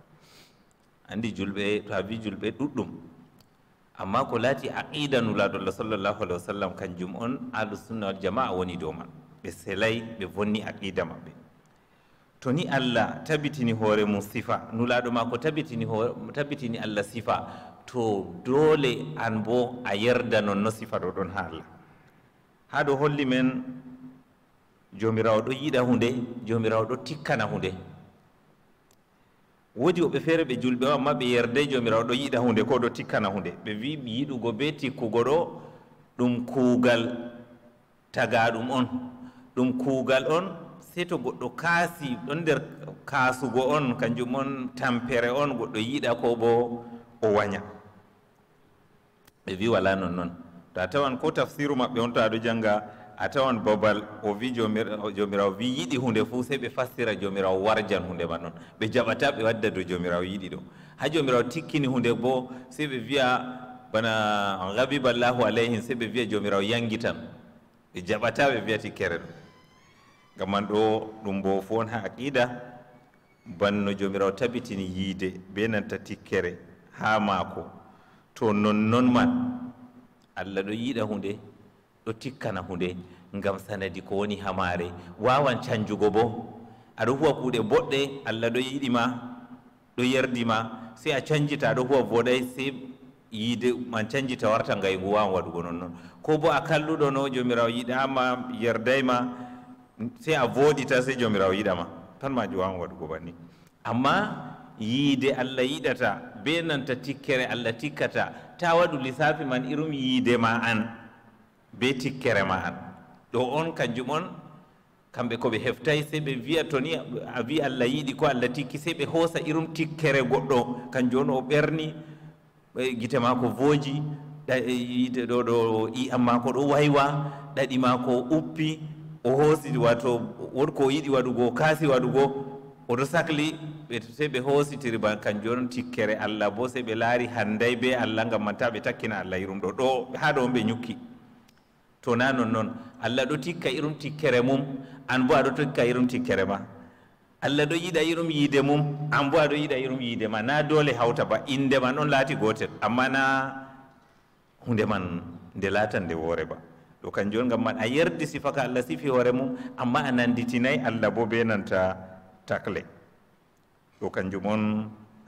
andi julɓe to a wi julɓe ɗuɗɗum amma ko laati aqida nulaɗo llah sallllahu alah wa sallam kanjum on ahlusunna wal jamaa woni dow man ɓe selay ɓe vonni aqida maɓɓe to ni allah tabitini hoore mum sifa nulaɗo ma ko tabitini hoore tabitini allah sifa to doole an bo a yerda nonno sifa ɗo ɗon ha allah haɗo holli men joomiraawo ɗo yiɗa hunde joomiraawo ɗo tikkana hunde woodi woɓe feere ɓe julɓe o amma ɓe yerde joomiraawo ɗo yiɗa hunde ko ɗo tikkana hunde ɓe wi yiɗugo be tikkugo ɗo ɗum kuugal tagaaɗum on ɗum kuugal on sey to goɗɗo kaasi ɗon nder kaasugo on kanjum on tampere on goɗɗo yiɗa ko bo o waña ɓe wi walaa non noon to a tawan ko tafsiru maɓɓe on to aɗo jannga a tawan babal o wi jomirawo wi yiɗi hunde fuu sey ɓe fassira jomirawo warjan hunde man noon ɓe jaɓata ɓe wadda dow jomirawo yiɗi ɗo ha jomirawo tikkini hunde bo sey ɓe viya bana gabiballahu alayhim sey ɓe viya jomirawo yangitan ɓe jaɓata ɓe viya tikkere ɗo ngam man ɗo ɗum bo fo on ha aqida banno jomirawo tabitini yiide be nanta tikkere ha maako to nonnon man allah ɗo yiɗa hunde ɗo na hunde ngam sanadi ko woni hamare wawan canjugo bo aɗo huwa kuuɗe boɗɗe allah ɗo yiɗima ɗo yerdima sey a canjita aɗo huwa boɗay sey yiide man canjita warta ngu wawan waɗugo nonnoon ko bo a kalluɗo no jomirawo yiɗama yerdayma sey a voodita sey jomirawo yiɗama tan maji wawan waɗugo banni amma yiide allah yiɗata be nanta tikkere allah tikkata ta waɗu lissafi man irum yiide ma an be tikkere ma an ɗo on kanjum on kamɓe ko ɓe heftay sey ɓe wiya to ni a wi allah yiiɗi ko allah tikki sey ɓe hoosa irum tikkere goɗɗo kanjum on o ɓerni gite ma ko vooji e yide ɗo ɗo iam ma ko ɗo waywa ɗaɗi ma ko uppi o hoosi wato won ko yiɗi waɗugo o kaasi waɗugo oɗo sahli sey ɓe hoositiri ba kanjum on tikkere allah bo sey ɓe laari handay be allah ngam manta ɓe takkina allah irum ɗo ɗo haa ɗo on ɓe ñukki to na non noon allah ɗo tikka irum tikkere mum an bo aɗo tikka irum tikkere ma allah ɗo yiɗa irum yiide mum an bo aɗo yiɗa irum yiide ma na doole hawta ba inde man ɗon laati gotel amma na hunde man nde laatan nde woore ba ɗo kanjum on ngam man a yerdi sifaka allah sifi hoore mum amma a nannditinayi allah bo benanta takle ɗo kanjum on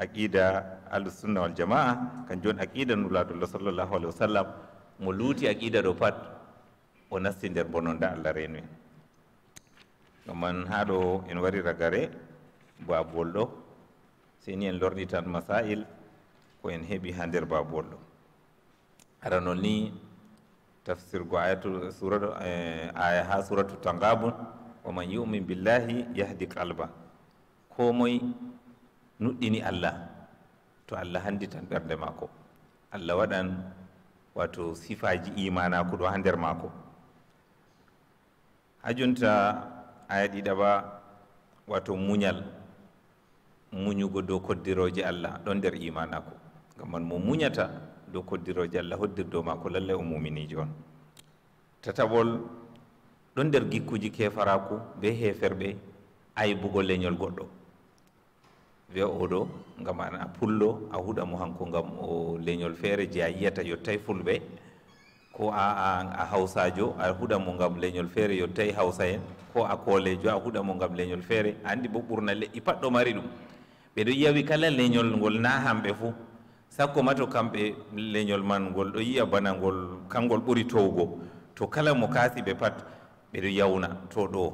aqida alsunna waljamaa kanjum on aqida nulaɗullah sallllahu alih wa sallam mo luuti aqida ɗo pat o nasti nder bononda allah reenu en ɗum man haa ɗo en wari ragare baabuwol ɗo seni en lorɗi tan masail ko en heɓi haa nder baabuwol ɗo aranol ni tafsirgo ayatsura eh, aya haa suratu tangabun oman yumin billahi yahdi kalba ko moye nuɗɗini allah to allah handi tan ɓerde maako allah waɗan wato sifaji imanako ɗo haa nder maako ha junta aya ɗiɗaba wato muñal muñugo dow koddiroje allah ɗon nder imanako gam man mo muñata dow koddiroje allah hoddir dow mako lallay o muminijo on tatabol ɗon nder gikkuji kefaraku be heferɓe aybugo leñol goɗɗo wiya oɗo gam an a pullo a huɗamo hanko gam o leñol feere je a yiyata yottay fulɓe ko a an a hawsajo a huɗatmo gam leñol feere yo tawi hawsa en ko a koolejo a huɗatmo gam leñol feere andi bo ɓurna leƴƴi patɗo mari ɗum ɓeɗo yiyawi kala leñol ngol na hamɓe fou sakko mato kamɓe leñol man ngol ɗo yiya bana ngol kangol ɓuri towgo to kala mo kasiɓe pat ɓeɗo yawna to ɗo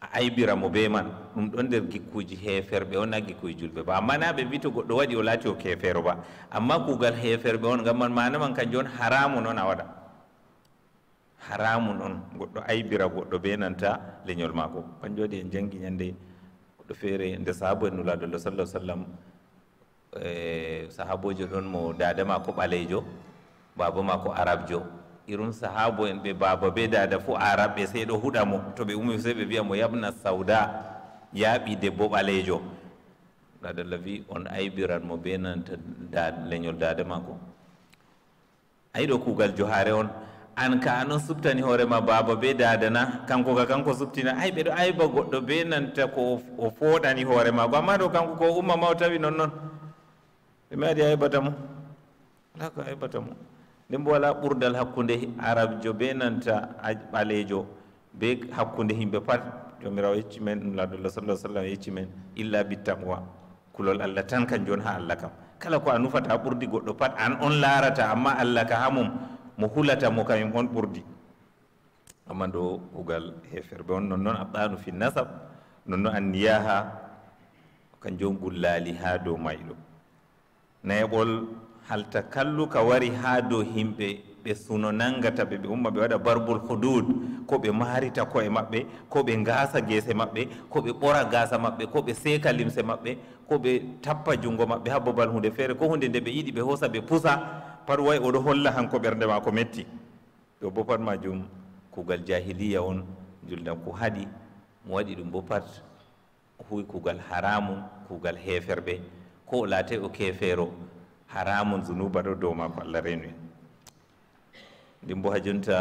a aybira mo be man ɗum ɗon nder gikkuji heferɓe ona gikkuji julɓe ba amma na ɓe mbi to goɗɗo waɗi o laati o kefero ba amma kugal heferɓe on gam man manaman kanjo on haramu noon a waɗa haramu on goɗɗo aybira goɗɗo be nanta leñol maako kanjoodi en jangi ñannde goɗɗo feere nde sahaabu en nulaadollo sallah sallam e, sahaabuji ɗon mo daada maako ɓaleejo baaba maako arabjo irum sahaabu en ɓe baaba be daada fuu arabɓe sey ɗo huɗa mo to ɓe umi sey ɓe mbiya mo yaɓna sawda yaaɓi debbo ɓaleejo nulaadolla wi on aybiran mo be nanta leñol daada maako ayiɗo kuugal johaare on an ka anon suptani hoorema baba be dadana kanko ka kanko suptina ay ɓeɗo ayba goɗɗo be nanta ko o fooɗani hoorema go amma to kanko ko umma ma o tawi noon noon ɓeme adi aybatamo alako aybatamo nden bo wala ɓurdal hakkude arabjo be nanta ɓaleejo be hakkude yimɓe pat jomirawo yecci men ɗum ladullah sallah sallam yecci men illa bittaqwa kulol allah tan kan joni ha allah kam kala ko a nufata ɓurdi goɗɗo pat an on larata amma allah ka ha mum mo hulatamo kañum hon ɓurdi amma ndo hugal hefere be on non noon a ɓanu fi nasab non noon anniya ha kan jon gullali ha dow mayɗo nayaɓol halta kallu ka wari ha dow himɓe ɓe suno nangata ɓe ɓe umma ɓe waɗa barbol hudud ko ɓe marita koye maɓɓe ko ɓe gasa guese maɓɓe ko ɓe ɓora gasa maɓɓe ko ɓe seeka limse maɓɓe ko ɓe tappa jungo maɓɓe ha babal hunde feere ko hunde nde ɓe yiɗi ɓe hoosa ɓe pusa pat way oɗo holla han ko ɓerde ma ko metti ɗo bo pat majum kugal jahiliya on julnam ko haɗi mo waɗi ɗum bo pat huy kugal haramu kugal heferɓe ko o laate o kefeero haramu zunuba ɗo dow mako allah reenu en ndin bo ha jonta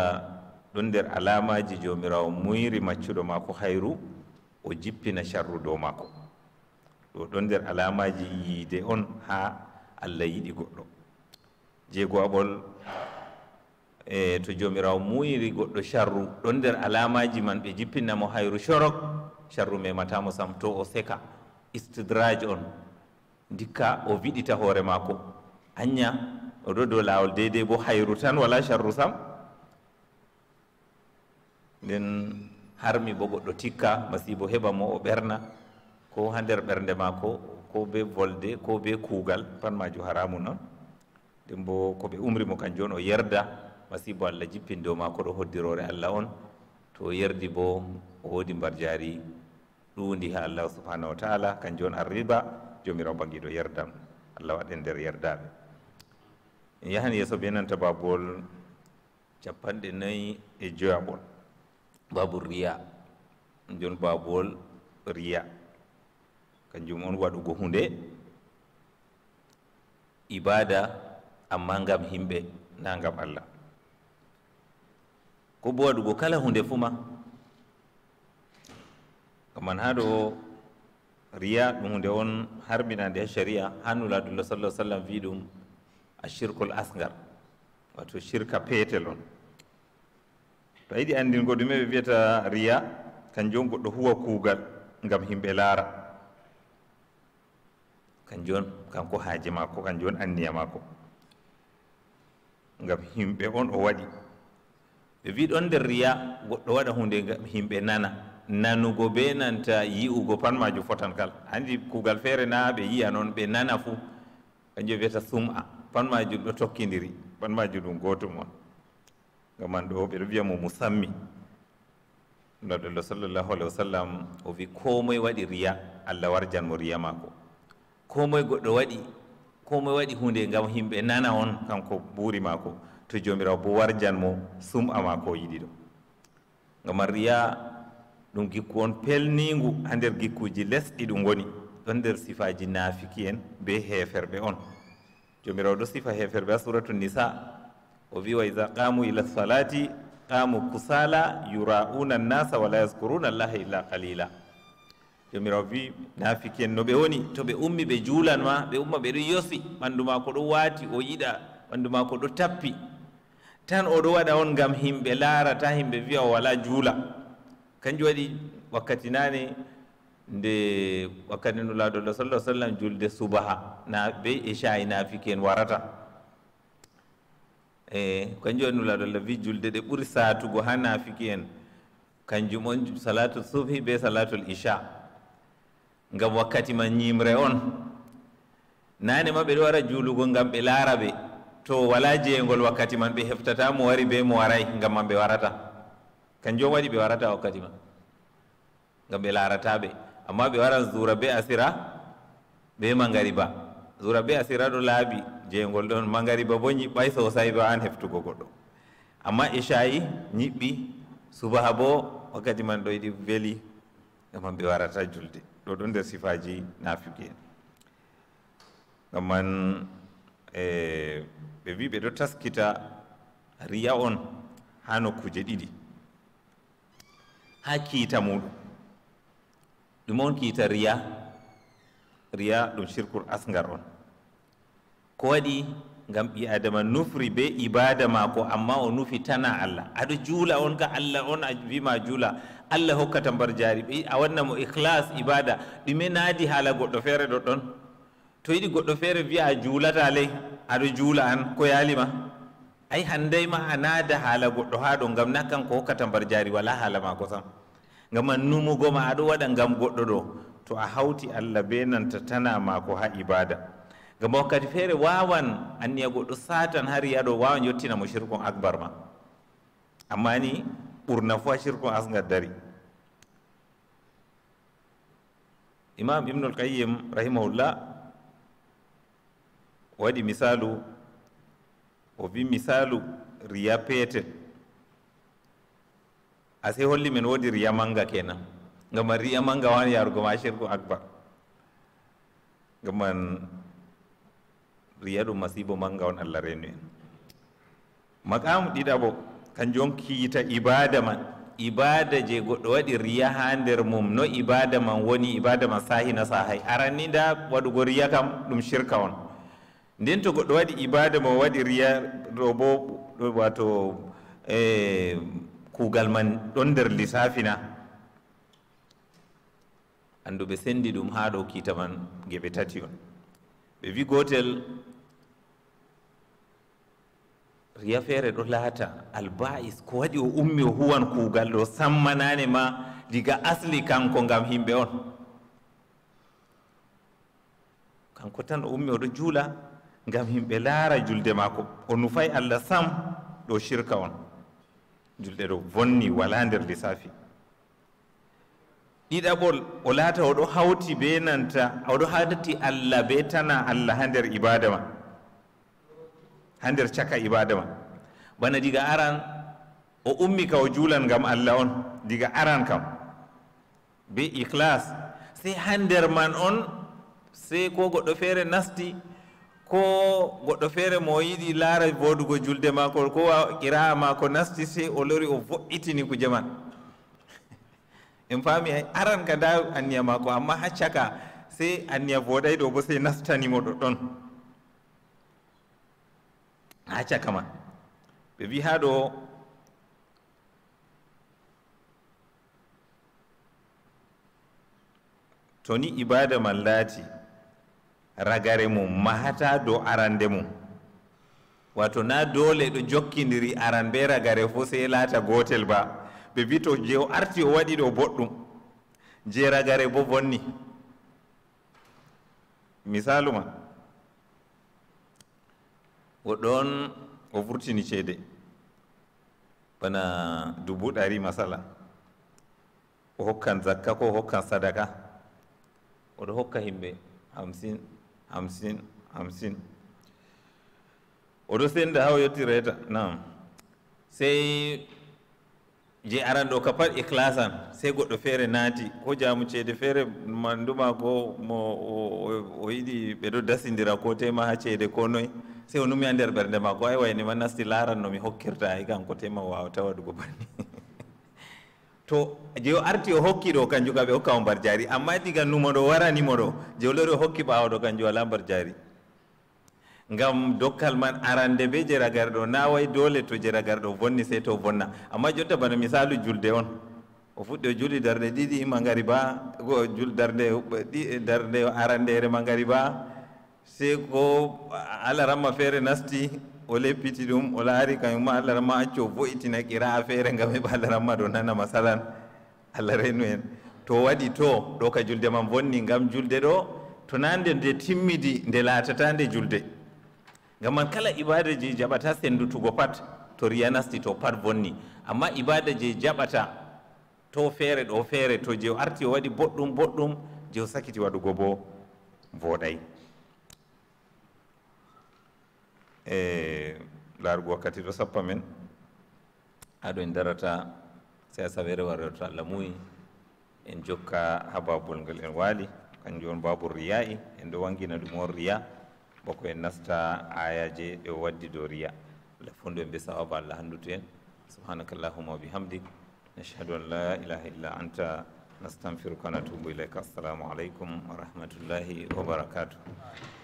ɗon nder alamaji jomirawo muyri maccuɗo maako hayru o jippina charru dow maako ɗo ɗon nder alamaji yiide on ha allah yiɗi goɗɗo jeegoaɓol e to joomirawo muyiri goɗɗo charru ɗon nder alamaji man ɓe jippinnamo hayru sorok charru memataamo sam to o seka istidraje on ndikka o viɗita hoore maako anña oɗo dow laawol deydey bo hayru tan wala charru sam nden harmi bo goɗɗo tikka masibo heɓa mo o ɓerna ko ha nder ɓernde maako ko be volde ko be kuugal pat majo haramu noon ɗum bo ko ɓe umrimo kanjum on o yerda masibo allah jippinde o ma ko ɗo hoddirore allah on to yerdi bo woodi mbarjaari ɗuundi ha allah subahanahu wa taala kanjum on arriba joomirawo bangiɗo yerdam allah waɗe nder yerdaɓe en yahan yeeso be nanta babol capanɗe nayyi e joyaɓol baabu riya jon baabol riya kanjum on waɗugo hunde ibada amma ngam yimɓe na ngam allah ko bo waɗugo kala hunde fuu ma kaman ha ɗo riya ɗum hunde on harɓinande ha sharia ha nulaadullah sal lah sallam wi ɗum a shirkol asgar wato shirka petel on to a yiɗi andingo ɗume ɓe wiyata riya kanjum on goɗɗo huwa kuugal ngam yimɓe laara kanjum on kanko haaje maako kanjum on anniya maako ngam himɓe on o waɗi ɓe wi ɗon nder riya goɗɗo waɗa hunde ngam himɓe nana nanugo be nanta yi'ugo pat majum fotan kal hanndi kuugal feere na ɓe yiya noon ɓe nana fuu kanjum e wiyata sum'a pat majum ɗo tokkidiri pat majum ɗum gooto mon ngam man ɗo ɓeɗo wiya mo musammi nodɗollo sallllahu alah wa sallam o wi komoye waɗi riya allah warjan mo riya maako komoye goɗɗo waɗi komoe waɗi hunde ngam himɓe nana on kanko buuri maako to jomirawo bo warjan mo sum'a maako yiɗi ɗo ngam riya ɗum gikku on pelningu ha nder gikkuji lesɗi ɗum ngoni ɗon nder sifaji naafiki en be heferɓe on jomirawo ɗo sifa heferɓe ha suratu nisa o wi wa ida qamu ila salati qamu kusala yura'una annasa wala yaskuruna allaha illa qalila jomiraw wi naafiki en no ɓe woni to ɓe ummi ɓe juulan ma ɓe umma ɓeɗo yosi ɓanndu ma ko ɗo waati o yiɗa ɓanndu ma ko ɗo tappi tan oɗo waɗa on ngam himɓe laara ta himɓe wiya o wala juula kanjum waɗi wakkati naane nde wakkati no laadolla sala ah sallam julde subaha na be isha i naafiki en warata e kanjum waɗi no laadolla wi julde ɗe ɓuri saatugo ha naafiki en kanjum on salatu subhi be salatul isha ngam wakkati man ñimre on nane ma ɓe ɗo wara juulugo ngam ɓe laara ɓe to wala jeeyngol wakkati man ɓe heftata mo wari be mo waray ngam man ɓe warata kanjum waɗi ɓe warata wakkati man ngam ɓe laarata ɓe amma ɓe waran zura be asira be mangariba zura be asira ɗo laaɓi jeygol ɗon mangariba bo ñiɓɓay sosai ɓe an heftugo goɗɗo amma ishayi ñiɓɓi subaha bo wakkati man ɗo yiɗi veli ngam man ɓe warata julde ɗo ɗon nder sifaji nafuki en ɗum man e ɓe wi ɓe ɗo taskita riya on ha nokkuje ɗiɗi ha kiita muɗum ɗum on kiita riya riya ɗum shirkul asgar on ko waɗi ngam ɓi adama nufri be ibada mako amma o nufi tana allah aɗa juula on ga allah on a wima juula allah hokkata mbar jaari ɓe a wanna mo ihlas ibada ɗume naadi haala goɗɗo feere ɗo ɗon to yiɗi goɗɗo feere wiya a juulata ley aɗa juula an ko yaalima ay hannday ma a naada haala goɗɗo haa ɗo ngam na kan ko hokkata mbar jaari wala haala maa ko sam ngam a numugo ma aɗo waɗa ngam goɗɗo ɗo to a hawti allah be nanta tana maako haa ibada ngam wakkati feere waawan anniya goɗɗo satan har yaɗo waawan yettinamo shirkon akbar ma amma ni ɓurna fof a circonstance nga dari imam ibnul qayim rahimahullah o waɗi misalu o wi misalu riya peetel asi holli men woodi riya manga kenan ngama riya manga wan yarugo ma cirgo akbar ngaman riya ɗum masibo manga on allah reenu en maqamu ɗiɗa boo kanjum on kiyita ibada man ibada je goɗɗo waɗi riya ha nder mum no ibada man woni ibada man sahina sahay aran ni nda waɗugo riya kam ɗum shirka on nden to goɗɗo waɗi ibada mo waɗi riya ɗo bo wato e eh, kuugal man ɗon nder lissafina andu ɓe sendi ɗum ha ɗo kiita man geɓe tati on ɓe wi gotel ya feere ɗo laata albais ko waɗi o ummi o huwan kuugal ɗo sammanaani ma diga asli kanko ngam yimɓe on kanko tan o ummi oɗo juula ngam yimɓe laara julde maako o nufay allah sam ɗo shirka on julɗe ɗo vonni wala nder lisafi ɗiɗaɓol o laata oɗo hawti be nanta oɗo hawti allah be tana allah ha nder ibada ma ha nder caka ibada ma bana diga aran o ummi ka o juulan ngam allah on diga aran kam be ikhlas sey ha nder man on sey ko goɗɗo feere nasti ko goɗɗo feere mo yiɗi laara boodugo julde maako ko qiraa maako nasti sey o lori o vo'itini kuje man en faami aran ka nda anniya maako amma ha caka sey anniya booɗayɗo bo sey nastanimo ɗoɗɗon ha caka ma ɓe wi ha ɗo to ni ibada man laati ragare mum mahata do arande mum wato na dole ɗo jokkidiri aran be ragare fo sey laata gotel ba ɓe wi to je o arti o waɗi ɗo boɗɗum je ragare bo bonni misalu ma o ɗon o furtini ceede bana dubu ɗari masala o hokkan zakka ko hokkan sadaka oɗo hokka himɓe hamsin hamsin hamsin oɗo senda ha o yettireeta nam sey je aranɗo ka pat éclas se sey goɗɗo feere naati ko jaamu ceede feere manduma ko mo o yiɗi ɓe ɗo dasindira ko tema ha ceede ko noy sey o numi ha nder ɓernde ko ay wayni ma nasti laran no mi hokkirta ay kan ko tema wawata waɗugo banni to je o arti o hokki ɗo kanjum ka ɓe hokka o mbar jaari amma diga numo ɗo waranimo ɗo je o lori o hokki ɓawa ɗo kanjum wala mbar jaari ngam dokkal man arande be jeragarɗo naway dole to jeragarɗo bonni sey to bonna amma jotta bana misalu julde on o fuɗɗi o juli darde ɗiɗi ma ngari ba darde darde arandere ma ngari ba sey ko allah ramma feere nasti o leppiti ɗum o laari kañumma allah ramma acco vo'itina qira a feere ngam heɓa allah ramma ɗo nana masalan allah renu en to waɗi to ɗo ka julde man bonni ngam julde ɗo to nande nde timmidi nde laatata nde julde gam man kala ibada je jaɓata sendutugo pat to riya nasti to pat bonni amma ibada je jaɓata to feere ɗo feere to je o arti o waɗi boɗɗum boɗɗum je o sakiti waɗugo bo voɗay e laarugo wakkati ɗo sappa men aɗo en darata se asawere warreo to allah muyi en jokka ha babol ngol en waali kanjum on babou riya'i en ɗo wangina ɗum on riya' boko en nasta ayaje ɗe waddi do riya allah fondo be sawaba allah handutu en subhanaka allahuma wa bihamdik nashhadu an la ilaha illa anta nastanfiruka natubu ilayka assalamu aleykum wa rahmatullahi wa barakatuh